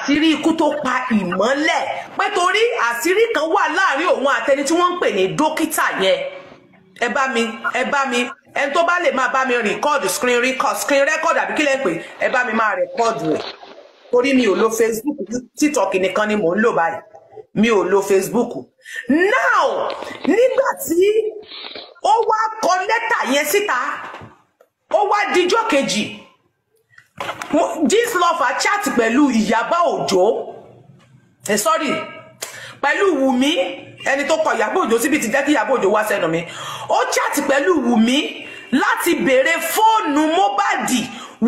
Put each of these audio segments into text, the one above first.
àṣírí ikú tó pa ìmọ́lẹ̀ pé torí àṣírí kan wà láàrin òun àtẹni tí wọ́n ń pè ní dókítà yẹn ẹ bá mi ẹ bá mi ẹni tó bá lè máa bá mi rìkọ́ọ̀dù screen record screen record àbí kí lẹ́ pè ẹ bá mi máa rìkọ́ọ̀dù rẹ̀ torí mi ò lo Facebook TikTok nìkan ni mò ń lò báyìí mi ò lo Facebook now nígbà tí ó wá kọ lẹ́tà yẹn síta ó wá dijọ́ kejì This Gistlover chat pẹ̀lú Ìyábá Òjó ẹ eh, sọ́rí pẹ̀lú Wùmí ẹni tó kọ Ìyábá Òjó síbi ti jẹ́ kí Ìyábá Òjó wá sẹ́nu mi ó chat pẹ̀lú Wùmí láti béèrè fóònù Mohbad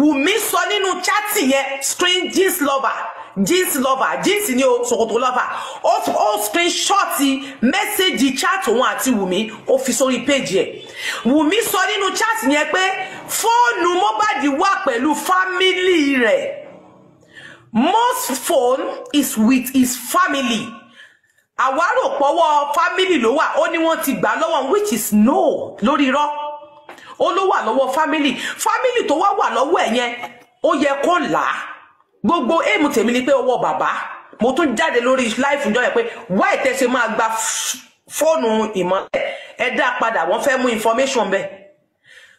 Wùmí sọ nínú chat yẹn string lover jeans lover jeans ni o ṣòkòtò lover ó ó screenshot mẹ́sẹ̀gì chat òun àti wùmí ó fi sórí page, ẹ̀ wùmí sọ nínú chat yẹn pé fóònù Mohbad wà pẹ̀lú family rẹ̀ most phone is with his family àwárò pọ́wọ́ fámìlì ló wà ó ní wọ́n ti gbà lọ́wọ́ which is no lórí irọ́ ó ló wà lọ́wọ́ family. Family tó wa wà lọ́wọ́ ẹ̀ yẹn ó yẹ kó gbogbo èèmù tèmi ni pé ọwọ́ bàbá mo tún jáde lórí láìfù jọ yẹn pé wáì tẹ́ ṣe máa gba fóònù ìmọ́lẹ̀ ẹ dá padà wọ́n fẹ́ mú information bẹ́ẹ̀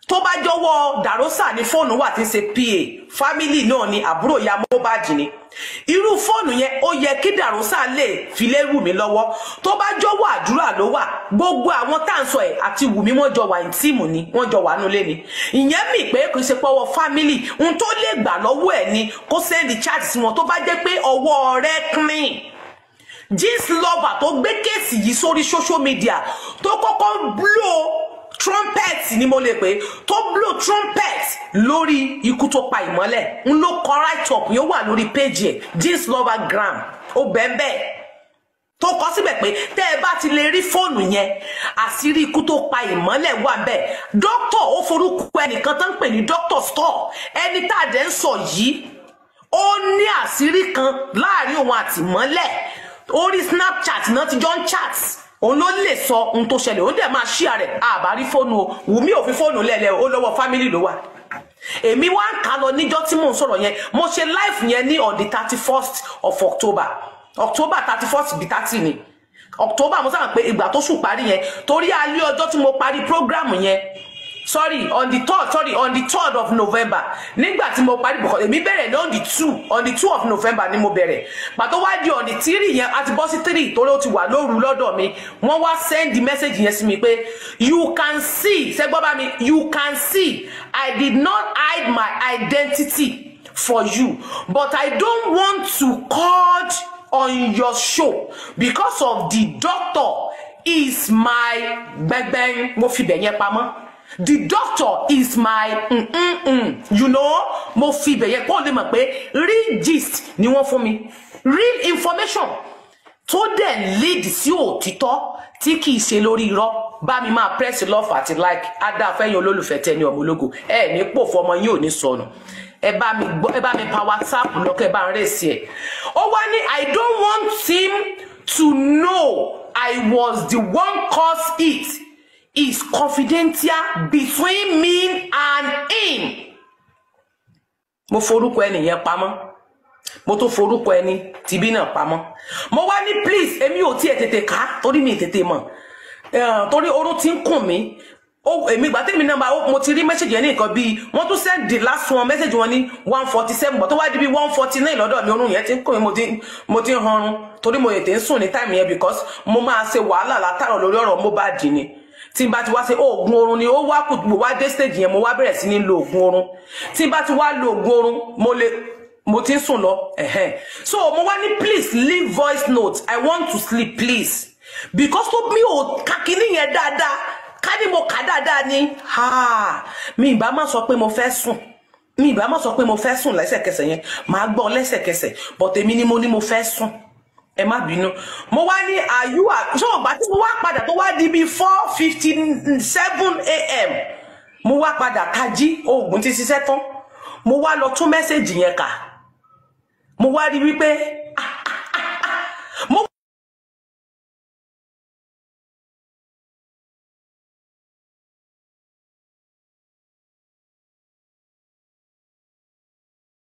tó bá jọwọ́ dàrósà ní fóònù wà tí ń ṣe pa fámìlì náà ni àbúrò ya Mohbad ni irú fóònù yẹn ó yẹ kí dàrósà lè fi lé Wùmí lọ́wọ́ tó bá jọwọ́ àdúrà ló wà gbogbo àwọn tá à ń sọ ẹ̀ àti Wùmí wọ́n jọ wà ìtìmù ni wọ́n jọ wà nulẹ̀ ni ìyẹn mì pé kò ṣe pọ́wọ́ fámìlì ohun tó lè gbà lọ́wọ́ ẹ̀ ni kó sẹ́ndì chat sí wọn tó bá jẹ́ pé ọwọ́ rẹ̀ clean jeans lover tó gbé kéèsì yìí sórí social media tó kọ́kọ́ blow trumpet ni mo lè pè tó blow trumpet lórí ikú tó pa ìmọ́lẹ̀ n ló kọ right up yóò wà lórí péjì ẹ̀ jeans lover gram ó bẹ́ẹ̀ bẹ́ẹ̀ tó kọ síbẹ̀ pé tẹ́ ti lè rí fóònù yẹn àṣírí ikú tó pa ìmọ́lẹ̀ wà bẹ́ẹ̀ dókítà ó forúkọ ẹnìkan tó ń pè ní store ẹni tá a dẹ̀ ń sọ yìí ó kan láàrin òun àti mole. Ori snapchat náà ti jọ ń òun ló lè sọ ohun tó ṣẹlẹ̀ òun dẹ̀ máa ṣí àrẹ̀ àbárí fóònù o Wùmí ò fi fóònù lẹ́lẹ̀ ó lọ́wọ́ fámílì ló wà èmi wá ń kà lọ níjọ́ tí mò ń sọ̀rọ̀ yẹn mo ṣe live yẹn ní on the thirty first of October October thirty first bí thirty ni October mo sábà pé ìgbà tó sùn parí yẹn torí alẹ́ ọjọ́ tí mo parí program yẹn sorry on the third sorry on the third of november nígbà tí mo parí bùkọ́ èmi bẹ̀rẹ̀ ní on the two on the two of november ni mo bẹ̀rẹ̀ pàtó wá di on the three yẹn àti bọ́ three torí ó ti wà lóru lọ́dọ̀ mi wọ́n wá send the message yẹn sí mi pé you can see ṣẹ́gbọ́n bá mi you can see i did not hide my identity for you but i don't want to cut on your show because of the doctor is my gbẹgbẹ mo fi bẹ̀ yẹn pamọ́ the doctor is my mm -mm -mm, you know mo fi ibẹ̀ yẹ kó lè mọ̀ pé real gist ni wọ́n fún mi real information tó dẹ̀ lead sí òtítọ́ tí kì í ṣe lórí irọ́ bá mi máa press love àti like adáfẹ́yìn olólùfẹ́ tẹni ọmọ ológo ẹ ní pòfò ọmọ yín ò ní sọnù ẹ bá mi gbọ́ ẹ bá mi pa whatsapp lọ́kẹ́ bá ń rè sí ẹ̀ ó wá ní i don't want him to know i was the one cause it is confidential between me and him. mo forúkọ ẹnìyẹn pamọ́ mo to tó forúkọ ẹni tìbí náà pamọ́ mo wa ni please èmi ò tiẹ̀ tètè ká torí mi tètè mọ̀ eh, torí orun ti ń kùn mí èmi ìgbà tèmi náà mo ti rí mẹ́sẹ̀gì yẹn ní nǹkan bíi wọ́n send the last one message wọn ni one forty seven but tó wá di bíi one forty nine lọ́dọ̀ mi orun yẹn ti ń kùn mí mo ti ń hanrun mo ètè ń sùn ni time yẹn because mo máa ṣe wàhálà látàrọ̀ lórí ọ̀rọ̀ Mohbad ni tí n ti wá ṣe oògùn oorun ni ó wá kù mo wá stage yẹn mo wá bẹ̀rẹ̀ sí ní lo oògùn oorun tí n ti wá lo oògùn oorun mo lè mo ti ń sùn lọ ẹ̀hẹ́n so mo wá ní please leave voice note i want to sleep please because to me, ò kakini yẹn dada, ká ní mo kà dáadáa ni mi ìbá má sọ pé mo fẹ́ sùn mi ìbá má sọ pé mo fẹ́ sùn lẹ́sẹ̀kẹsẹ̀ yẹn màá gbọ́ lẹ́sẹ̀kẹsẹ̀ but èmi ni mo ní mo fẹ́ sùn ẹ má bínú mo wá ní àyúwà ṣọwọ́n gbà tí mo wá padà tó wá di bíi four fifty seven a.m. mo wá padà tají oògùn ti ṣiṣẹ́ tán mo wá lọ tún mẹ́sẹ̀gì yẹn kà mo wá rí wípé